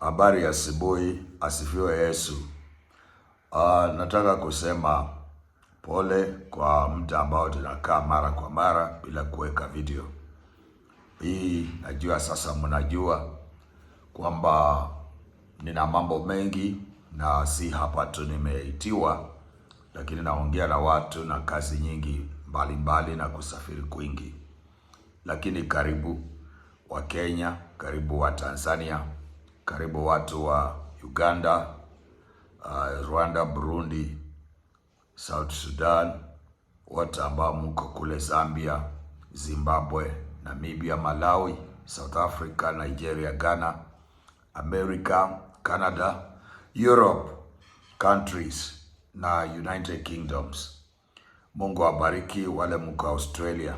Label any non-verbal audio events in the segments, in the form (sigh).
Habari ya asubuhi, asifiwe Yesu. Uh, nataka kusema pole kwa muda ambao tunakaa mara kwa mara bila kuweka video hii. Najua sasa mnajua kwamba nina mambo mengi na si hapa tu nimeitiwa, lakini naongea na watu na kazi nyingi mbalimbali mbali na kusafiri kwingi, lakini karibu wa Kenya, karibu wa Tanzania karibu watu wa Uganda, uh, Rwanda, Burundi, South Sudan, wote ambao mko kule Zambia, Zimbabwe, Namibia, Malawi, South Africa, Nigeria, Ghana, America, Canada, Europe countries na United Kingdoms. Mungu awabariki wale mko Australia.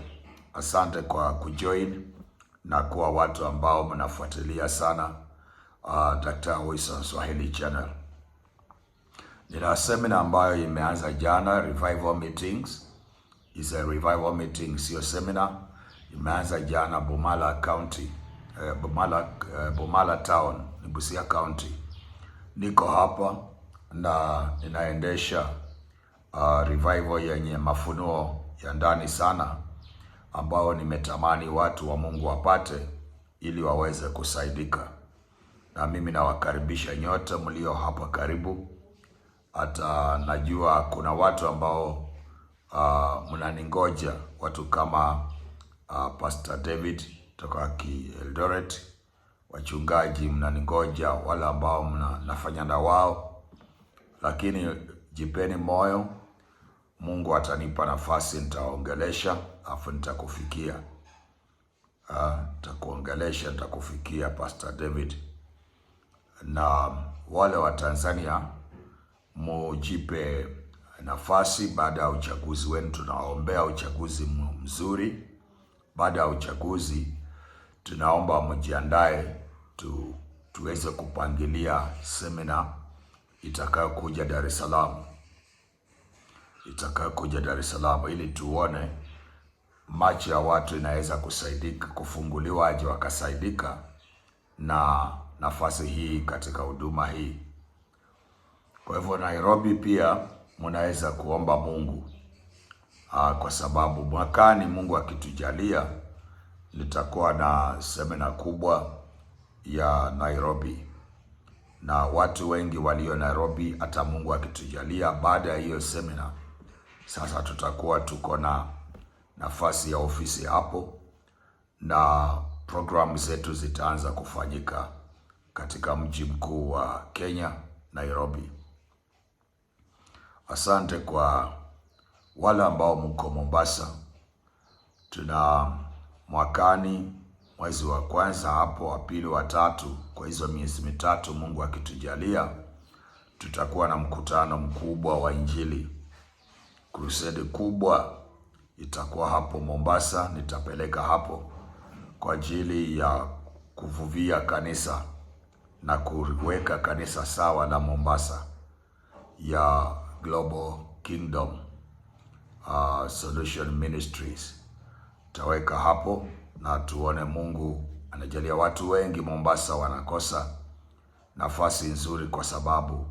Asante kwa kujoin na kuwa watu ambao mnafuatilia sana uh, Dr. Wilson Swahili Channel. Nina semina ambayo imeanza jana, revival meetings is a revival meeting, sio seminar. Imeanza jana Bumala County, uh, Bumala, uh, Bumala Town ni Busia County. Niko hapa na ninaendesha uh, revival yenye mafunuo ya ndani sana ambao nimetamani watu wa Mungu wapate ili waweze kusaidika na mimi nawakaribisha nyote mlio hapa karibu. Hata najua kuna watu ambao uh, mnaningoja watu kama uh, Pastor David kutoka Eldoret, wachungaji mnaningoja, wale ambao mna, nafanya na wao, lakini jipeni moyo, Mungu atanipa nafasi, nitaongelesha afu nitakufikia, ah, nitakuongelesha, nitakufikia Pastor David na wale wa Tanzania mujipe nafasi baada ya uchaguzi wenu. Tunaombea uchaguzi mzuri. Baada ya uchaguzi, tunaomba mjiandae tu, tuweze kupangilia semina itakayokuja Dar es Salaam, itakayokuja Dar es Salaam ili tuone macho ya watu inaweza kusaidika, kufunguliwaje wakasaidika na nafasi hii katika huduma hii. Kwa hivyo Nairobi pia mnaweza kuomba Mungu aa, ah, kwa sababu mwakani Mungu akitujalia nitakuwa na semina kubwa ya Nairobi na watu wengi walio Nairobi, hata Mungu akitujalia, baada ya hiyo semina sasa tutakuwa tuko na nafasi ya ofisi hapo na programu zetu zitaanza kufanyika katika mji mkuu wa Kenya, Nairobi. Asante kwa wale ambao mko Mombasa. Tuna mwakani mwezi wa kwanza hapo wa pili wa tatu, kwa hizo miezi mitatu, Mungu akitujalia, tutakuwa na mkutano mkubwa wa Injili. Crusade kubwa itakuwa hapo Mombasa, nitapeleka hapo kwa ajili ya kuvuvia kanisa na kuweka kanisa sawa la Mombasa ya Global Kingdom uh, Solution Ministries. Tutaweka hapo na tuone Mungu anajalia. Watu wengi Mombasa wanakosa nafasi nzuri, kwa sababu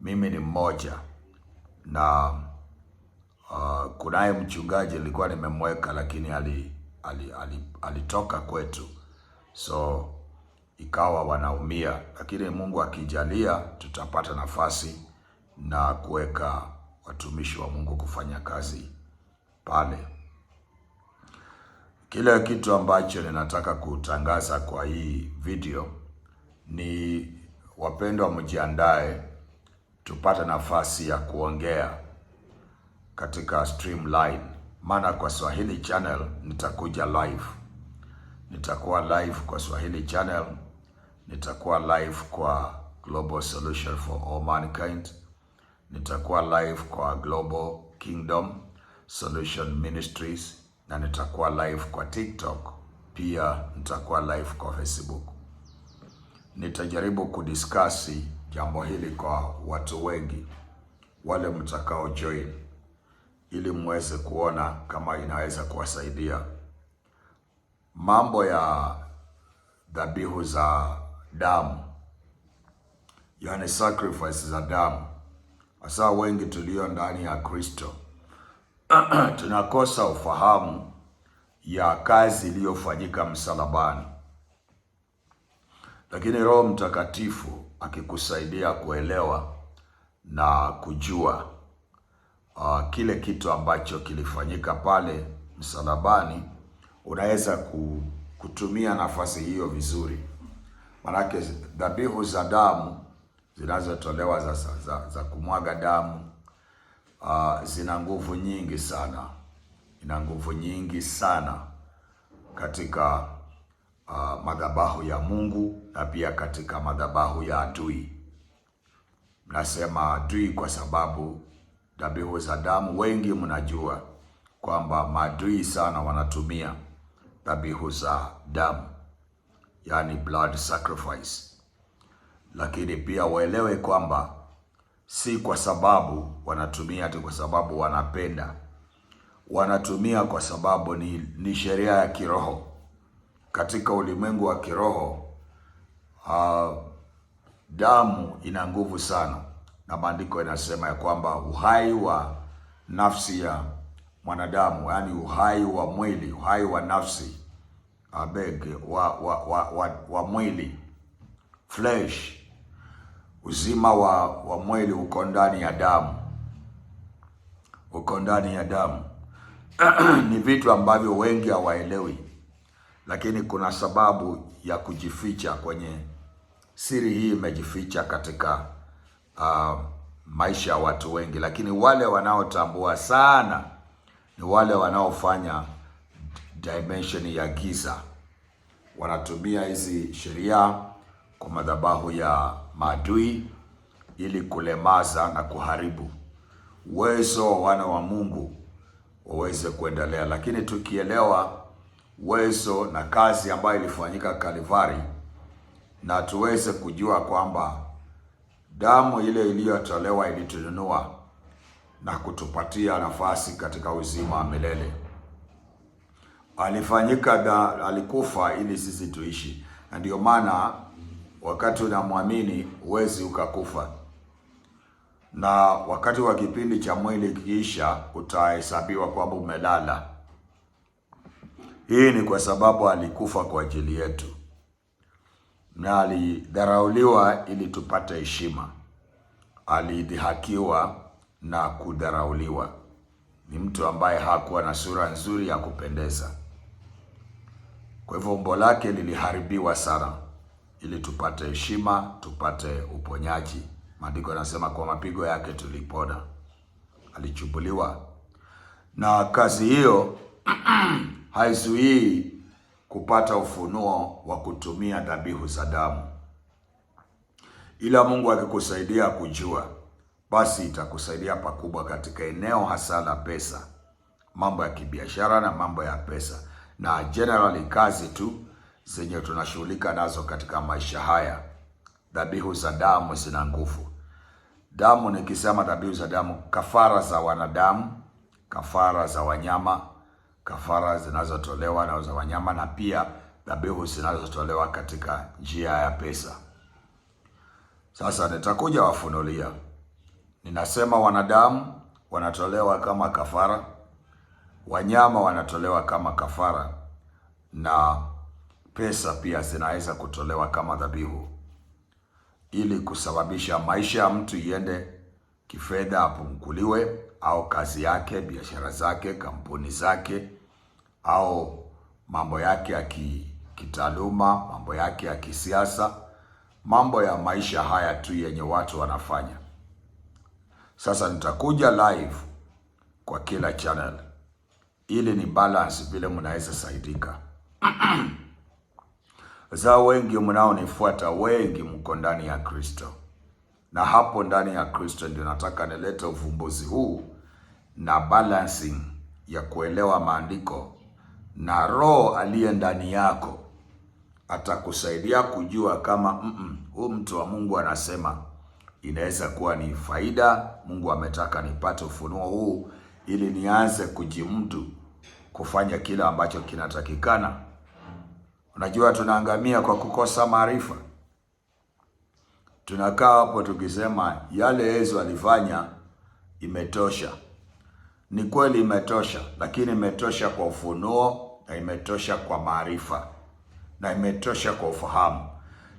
mimi ni mmoja na uh, kunaye mchungaji nilikuwa nimemweka, lakini ali- alitoka ali, ali kwetu so ikawa wanaumia, lakini Mungu akijalia tutapata nafasi na kuweka watumishi wa Mungu kufanya kazi pale. Kile kitu ambacho ninataka kutangaza kwa hii video ni wapendwa, mjiandae tupate nafasi ya kuongea katika stream line, maana kwa Swahili channel nitakuja live, nitakuwa live kwa Swahili channel nitakuwa live kwa Global Solution for All Mankind, nitakuwa live kwa Global Kingdom Solution Ministries na nitakuwa live kwa TikTok, pia nitakuwa live kwa Facebook. Nitajaribu kudiskasi jambo hili kwa watu wengi wale mtakao join, ili mweze kuona kama inaweza kuwasaidia. Mambo ya dhabihu za damu, yani sacrifice za damu. Hasa wengi tulio ndani ya Kristo (clears throat) tunakosa ufahamu ya kazi iliyofanyika msalabani, lakini Roho Mtakatifu akikusaidia kuelewa na kujua uh, kile kitu ambacho kilifanyika pale msalabani, unaweza kutumia nafasi hiyo vizuri. Manake dhabihu za damu zinazotolewa za, za, za kumwaga damu uh, zina nguvu nyingi sana, ina nguvu nyingi sana katika uh, madhabahu ya Mungu na pia katika madhabahu ya adui. Mnasema adui kwa sababu dhabihu za damu, wengi mnajua kwamba maadui sana wanatumia dhabihu za damu yani blood sacrifice. Lakini pia waelewe kwamba si kwa sababu wanatumia tu kwa sababu wanapenda, wanatumia kwa sababu ni, ni sheria ya kiroho. Katika ulimwengu wa kiroho uh, damu ina nguvu sana, na maandiko yanasema ya kwamba uhai wa nafsi ya mwanadamu, yaani uhai wa mwili, uhai wa nafsi abeg wa, wa, wa, wa, wa mwili flesh. Uzima wa, wa mwili uko ndani ya damu, uko ndani ya damu. (clears throat) Ni vitu ambavyo wengi hawaelewi, lakini kuna sababu ya kujificha kwenye siri hii, imejificha katika uh, maisha ya watu wengi, lakini wale wanaotambua sana ni wale wanaofanya dimension ya giza, wanatumia hizi sheria kwa madhabahu ya maadui ili kulemaza na kuharibu uwezo wa wana wa Mungu waweze kuendelea. Lakini tukielewa uwezo na kazi ambayo ilifanyika kalivari na tuweze kujua kwamba damu ile iliyotolewa ilitununua na kutupatia nafasi katika uzima wa milele alifanyika da, alikufa ili sisi tuishi, na ndio maana wakati unamwamini huwezi ukakufa, na wakati wa kipindi cha mwili kiisha, utahesabiwa kwamba umelala. Hii ni kwa sababu alikufa kwa ajili yetu na alidharauliwa ili tupate heshima, alidhihakiwa na kudharauliwa. Ni mtu ambaye hakuwa na sura nzuri ya kupendeza. Kwa hivyo umbo lake liliharibiwa sana, ili tupate heshima, tupate uponyaji. Maandiko yanasema kwa mapigo yake tulipona, alichubuliwa. Na kazi hiyo (clears throat) haizuii kupata ufunuo wa kutumia dhabihu za damu, ila Mungu akikusaidia kujua, basi itakusaidia pakubwa katika eneo hasa la pesa, mambo ya kibiashara na mambo ya pesa na generally kazi tu zenye tunashughulika nazo katika maisha haya. Dhabihu za damu zina nguvu. Damu, nikisema dhabihu za damu, kafara za wanadamu, kafara za wanyama, kafara zinazotolewa na za wanyama, na pia dhabihu zinazotolewa katika njia ya pesa. Sasa nitakuja wafunulia, ninasema wanadamu wanatolewa kama kafara wanyama wanatolewa kama kafara na pesa pia zinaweza kutolewa kama dhabihu, ili kusababisha maisha ya mtu iende kifedha, apunguliwe au kazi yake, biashara zake, kampuni zake, au mambo yake ya kitaaluma, mambo yake ya kisiasa, mambo ya maisha haya tu yenye watu wanafanya. Sasa nitakuja live kwa kila channel ili ni balance vile mnaweza saidika. (clears throat) za wengi mnaonifuata, wengi mko ndani ya Kristo, na hapo ndani ya Kristo ndio nataka nilete uvumbuzi huu na balancing ya kuelewa maandiko, na roho aliye ndani yako atakusaidia kujua kama mm huu mtu wa Mungu anasema inaweza kuwa ni faida. Mungu ametaka nipate ufunuo huu ili nianze kujimdu kufanya kile ambacho kinatakikana. Unajua, tunaangamia kwa kukosa maarifa. Tunakaa hapo tukisema yale Yesu alifanya imetosha. Ni kweli imetosha, lakini imetosha kwa ufunuo na imetosha kwa maarifa na imetosha kwa ufahamu.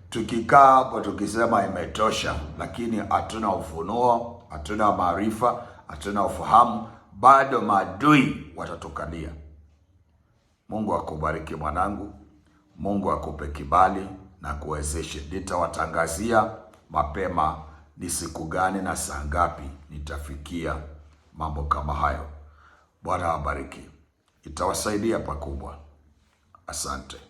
Tukikaa hapo tukisema imetosha, lakini hatuna ufunuo, hatuna maarifa, hatuna ufahamu bado maadui watatukalia. Mungu akubariki mwanangu, Mungu akupe kibali na kuwezeshe. Nitawatangazia mapema ni siku gani na saa ngapi nitafikia mambo kama hayo. Bwana awabariki, itawasaidia pakubwa. Asante.